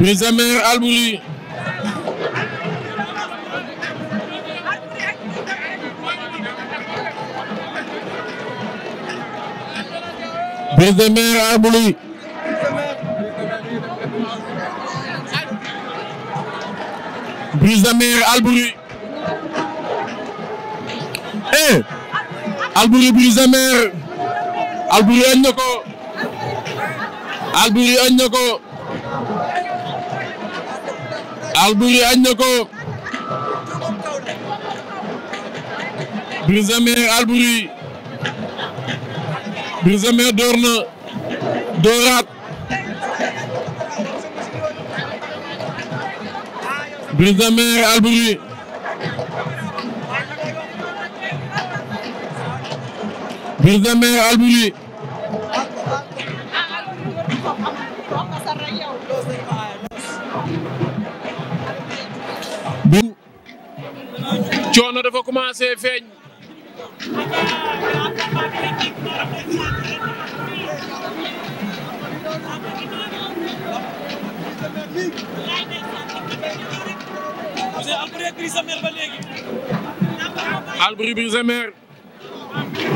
Brise de Mer Albouri Brise de Mer Albouri Brise de Mer Albouri eh Albouri ko Albouri añ na ko Alboury añ na ko Brise de Mer na dooraat Brise de Mer Alboury coono dafa commencé feeñ Alboury Brise Mer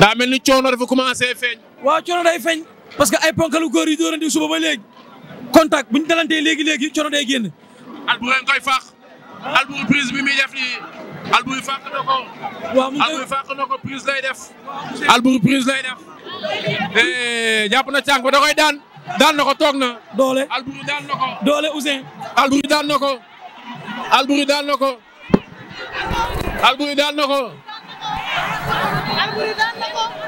daa mel ni coono dafa commencé feeñ waaw coono day feeñ parce que ay ponkalu góor yi dóorandi suba ba léegi contact bu ñu dalantee léegi-léegi coono day génn Alboury nga koy faax Alboury Alboury fàq na ko. ko prise lay def. Alboury prise lay eh, jàpp na cànk ba koy daan daan na ko toog na. doole Alboury daan na doole Ousseyn. Alboury daan na ko. Alboury daan na ko.